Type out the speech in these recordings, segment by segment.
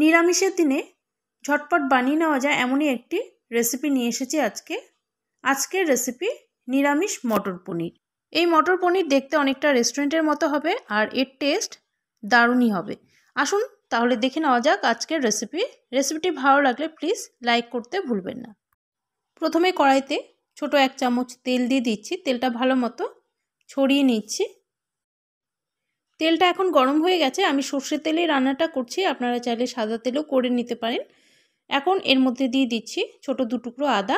নিরামিষের দিনে ঝটপট বানিয়ে নেওয়া যায় এমনই একটি রেসিপি নিয়ে এসেছি আজকে আজকের রেসিপি নিরামিষ মটর পনির এই মটর পনির দেখতে অনেকটা রেস্টুরেন্টের মতো হবে আর এর টেস্ট দারুণই হবে আসুন তাহলে দেখে নেওয়া যাক আজকের রেসিপি রেসিপিটি ভালো লাগলে প্লিজ লাইক করতে ভুলবেন না প্রথমে কড়াইতে ছোট এক চামচ তেল দিয়ে দিচ্ছি তেলটা ভালো মতো ছড়িয়ে নিচ্ছি তেলটা এখন গরম হয়ে গেছে আমি সর্ষের তেলেই রান্নাটা করছি আপনারা চাইলে সাদা তেলও করে নিতে পারেন এখন এর মধ্যে দিয়ে দিচ্ছি ছোট টুকরো আদা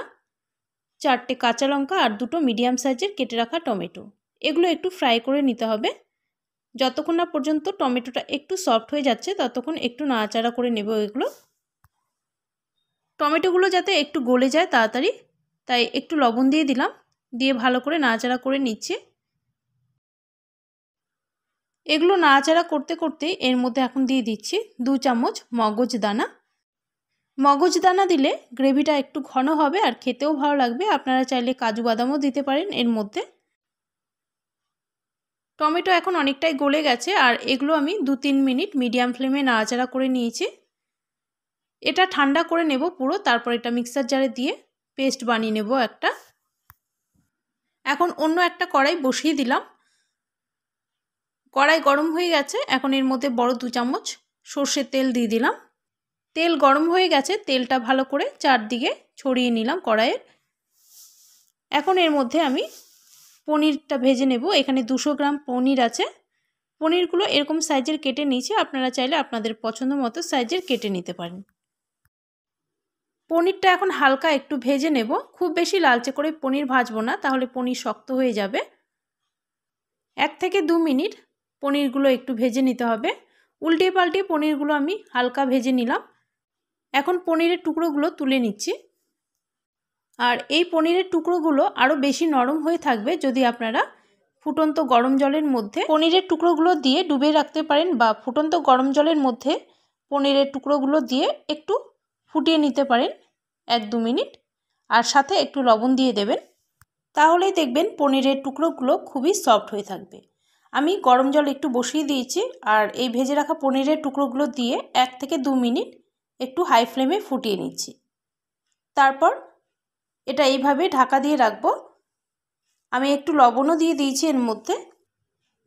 চারটে কাঁচা লঙ্কা আর দুটো মিডিয়াম সাইজের কেটে রাখা টমেটো এগুলো একটু ফ্রাই করে নিতে হবে যতক্ষণ না পর্যন্ত টমেটোটা একটু সফট হয়ে যাচ্ছে ততক্ষণ একটু নাড়াচাড়া করে নেব এগুলো টমেটোগুলো যাতে একটু গলে যায় তাড়াতাড়ি তাই একটু লবণ দিয়ে দিলাম দিয়ে ভালো করে নাড়াচাড়া করে নিচ্ছে এগুলো নাড়াচাড়া করতে করতে এর মধ্যে এখন দিয়ে দিচ্ছি দু চামচ মগজ দানা মগজ দানা দিলে গ্রেভিটা একটু ঘন হবে আর খেতেও ভালো লাগবে আপনারা চাইলে কাজু বাদামও দিতে পারেন এর মধ্যে টমেটো এখন অনেকটাই গলে গেছে আর এগুলো আমি দু তিন মিনিট মিডিয়াম ফ্লেমে নাড়াচাড়া করে নিয়েছি এটা ঠান্ডা করে নেব পুরো তারপর এটা মিক্সার জারে দিয়ে পেস্ট বানিয়ে নেব একটা এখন অন্য একটা কড়াই বসিয়ে দিলাম কড়াই গরম হয়ে গেছে এখন এর মধ্যে বড় দু চামচ সর্ষের তেল দিয়ে দিলাম তেল গরম হয়ে গেছে তেলটা ভালো করে চারদিকে ছড়িয়ে নিলাম কড়াইয়ের এখন এর মধ্যে আমি পনিরটা ভেজে নেব এখানে দুশো গ্রাম পনির আছে পনিরগুলো এরকম সাইজের কেটে নিয়েছি আপনারা চাইলে আপনাদের পছন্দ মতো সাইজের কেটে নিতে পারেন পনিরটা এখন হালকা একটু ভেজে নেব খুব বেশি লালচে করে পনির ভাজবো না তাহলে পনির শক্ত হয়ে যাবে এক থেকে দু মিনিট পনিরগুলো একটু ভেজে নিতে হবে উল্টে পাল্টে পনিরগুলো আমি হালকা ভেজে নিলাম এখন পনিরের টুকরোগুলো তুলে নিচ্ছি আর এই পনিরের টুকরোগুলো আরও বেশি নরম হয়ে থাকবে যদি আপনারা ফুটন্ত গরম জলের মধ্যে পনিরের টুকরোগুলো দিয়ে ডুবে রাখতে পারেন বা ফুটন্ত গরম জলের মধ্যে পনিরের টুকরোগুলো দিয়ে একটু ফুটিয়ে নিতে পারেন এক দু মিনিট আর সাথে একটু লবণ দিয়ে দেবেন তাহলেই দেখবেন পনিরের টুকরোগুলো খুবই সফট হয়ে থাকবে আমি গরম জল একটু বসিয়ে দিয়েছি আর এই ভেজে রাখা পনিরের টুকরোগুলো দিয়ে এক থেকে দু মিনিট একটু হাই ফ্লেমে ফুটিয়ে নিচ্ছি তারপর এটা এইভাবে ঢাকা দিয়ে রাখবো আমি একটু লবণও দিয়ে দিয়েছি এর মধ্যে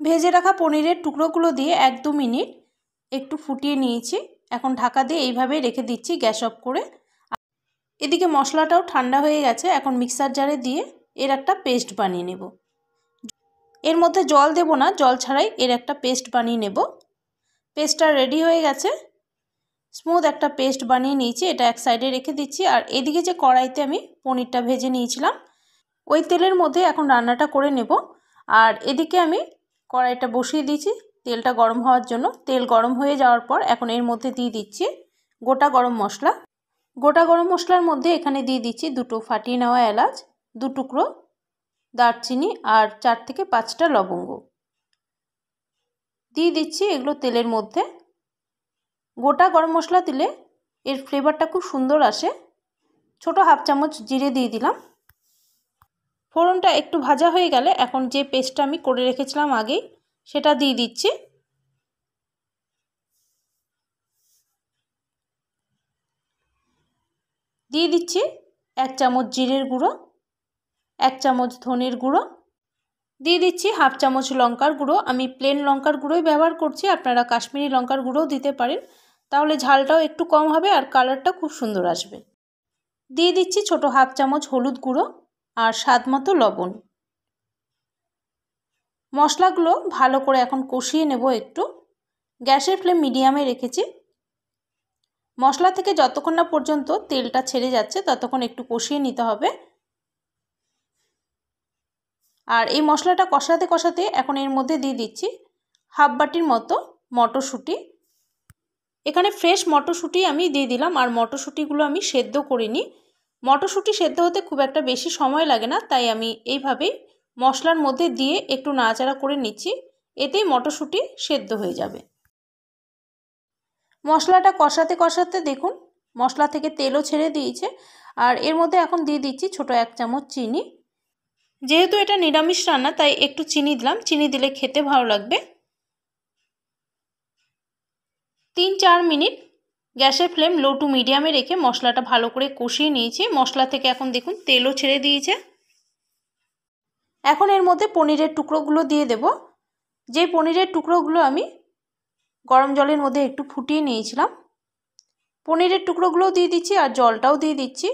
ভেজে রাখা পনিরের টুকরোগুলো দিয়ে এক দু মিনিট একটু ফুটিয়ে নিয়েছি এখন ঢাকা দিয়ে এইভাবে রেখে দিচ্ছি গ্যাস অফ করে এদিকে মশলাটাও ঠান্ডা হয়ে গেছে এখন মিক্সার জারে দিয়ে এর একটা পেস্ট বানিয়ে নেব এর মধ্যে জল দেব না জল ছাড়াই এর একটা পেস্ট বানিয়ে নেব পেস্টটা রেডি হয়ে গেছে স্মুথ একটা পেস্ট বানিয়ে নিয়েছি এটা এক সাইডে রেখে দিচ্ছি আর এদিকে যে কড়াইতে আমি পনিরটা ভেজে নিয়েছিলাম ওই তেলের মধ্যে এখন রান্নাটা করে নেব আর এদিকে আমি কড়াইটা বসিয়ে দিয়েছি তেলটা গরম হওয়ার জন্য তেল গরম হয়ে যাওয়ার পর এখন এর মধ্যে দিয়ে দিচ্ছি গোটা গরম মশলা গোটা গরম মশলার মধ্যে এখানে দিয়ে দিচ্ছি দুটো ফাটিয়ে নেওয়া এলাচ দু টুকরো দারচিনি আর চার থেকে পাঁচটা লবঙ্গ দিয়ে দিচ্ছি এগুলো তেলের মধ্যে গোটা গরম মশলা দিলে এর ফ্লেভারটা খুব সুন্দর আসে ছোট হাফ চামচ জিরে দিয়ে দিলাম ফোড়নটা একটু ভাজা হয়ে গেলে এখন যে পেস্টটা আমি করে রেখেছিলাম আগেই সেটা দিয়ে দিচ্ছি দিয়ে দিচ্ছি এক চামচ জিরের গুঁড়ো এক চামচ ধনের গুঁড়ো দিয়ে দিচ্ছি হাফ চামচ লঙ্কার গুঁড়ো আমি প্লেন লঙ্কার গুঁড়োই ব্যবহার করছি আপনারা কাশ্মীরি লঙ্কার গুঁড়োও দিতে পারেন তাহলে ঝালটাও একটু কম হবে আর কালারটা খুব সুন্দর আসবে দিয়ে দিচ্ছি ছোট হাফ চামচ হলুদ গুঁড়ো আর স্বাদ মতো লবণ মশলাগুলো ভালো করে এখন কষিয়ে নেব একটু গ্যাসের ফ্লেম মিডিয়ামে রেখেছি মশলা থেকে যতক্ষণ না পর্যন্ত তেলটা ছেড়ে যাচ্ছে ততক্ষণ একটু কষিয়ে নিতে হবে আর এই মশলাটা কষাতে কষাতে এখন এর মধ্যে দিয়ে দিচ্ছি হাফ বাটির মতো মটরশুঁটি এখানে ফ্রেশ মটরশুঁটি আমি দিয়ে দিলাম আর মটরশুঁটিগুলো আমি সেদ্ধ করিনি মটরশুঁটি সেদ্ধ হতে খুব একটা বেশি সময় লাগে না তাই আমি এইভাবেই মশলার মধ্যে দিয়ে একটু নাড়াচাড়া করে নিচ্ছি এতেই মটরশুঁটি সেদ্ধ হয়ে যাবে মশলাটা কষাতে কষাতে দেখুন মশলা থেকে তেলও ছেড়ে দিয়েছে আর এর মধ্যে এখন দিয়ে দিচ্ছি ছোট এক চামচ চিনি যেহেতু এটা নিরামিষ রান্না তাই একটু চিনি দিলাম চিনি দিলে খেতে ভালো লাগবে তিন চার মিনিট গ্যাসের ফ্লেম লো টু মিডিয়ামে রেখে মশলাটা ভালো করে কষিয়ে নিয়েছি মশলা থেকে এখন দেখুন তেলও ছেড়ে দিয়েছে এখন এর মধ্যে পনিরের টুকরোগুলো দিয়ে দেব যে পনিরের টুকরোগুলো আমি গরম জলের মধ্যে একটু ফুটিয়ে নিয়েছিলাম পনিরের টুকরোগুলোও দিয়ে দিচ্ছি আর জলটাও দিয়ে দিচ্ছি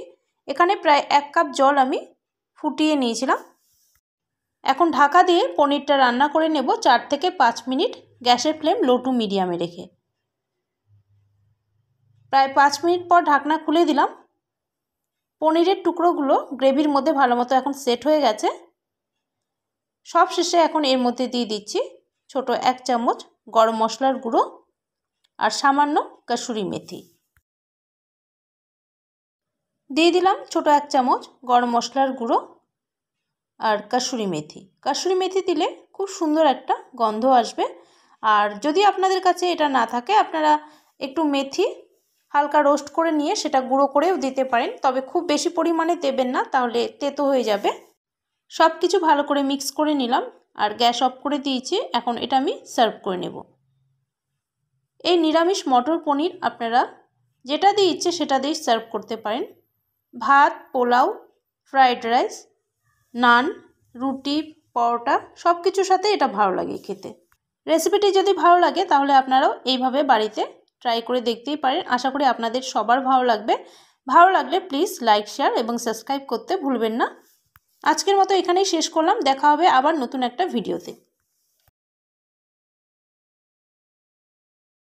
এখানে প্রায় এক কাপ জল আমি ফুটিয়ে নিয়েছিলাম এখন ঢাকা দিয়ে পনিরটা রান্না করে নেব চার থেকে পাঁচ মিনিট গ্যাসের ফ্লেম লো টু মিডিয়ামে রেখে প্রায় পাঁচ মিনিট পর ঢাকনা খুলে দিলাম পনিরের টুকরোগুলো গ্রেভির মধ্যে ভালো মতো এখন সেট হয়ে গেছে সব শেষে এখন এর মধ্যে দিয়ে দিচ্ছি ছোট এক চামচ গরম মশলার গুঁড়ো আর সামান্য কাসুরি মেথি দিয়ে দিলাম ছোট এক চামচ গরম মশলার গুঁড়ো আর কসুরি মেথি কাসুরি মেথি দিলে খুব সুন্দর একটা গন্ধ আসবে আর যদি আপনাদের কাছে এটা না থাকে আপনারা একটু মেথি হালকা রোস্ট করে নিয়ে সেটা গুঁড়ো করেও দিতে পারেন তবে খুব বেশি পরিমাণে দেবেন না তাহলে তেতো হয়ে যাবে সব কিছু ভালো করে মিক্স করে নিলাম আর গ্যাস অফ করে দিয়েছি এখন এটা আমি সার্ভ করে নেব এই নিরামিষ মটর পনির আপনারা যেটা দিয়ে ইচ্ছে সেটা দিয়ে সার্ভ করতে পারেন ভাত পোলাও ফ্রায়েড রাইস নান রুটি পরোটা সব কিছুর সাথে এটা ভালো লাগে খেতে রেসিপিটি যদি ভালো লাগে তাহলে আপনারাও এইভাবে বাড়িতে ট্রাই করে দেখতেই পারেন আশা করি আপনাদের সবার ভালো লাগবে ভালো লাগলে প্লিজ লাইক শেয়ার এবং সাবস্ক্রাইব করতে ভুলবেন না আজকের মতো এখানেই শেষ করলাম দেখা হবে আবার নতুন একটা ভিডিওতে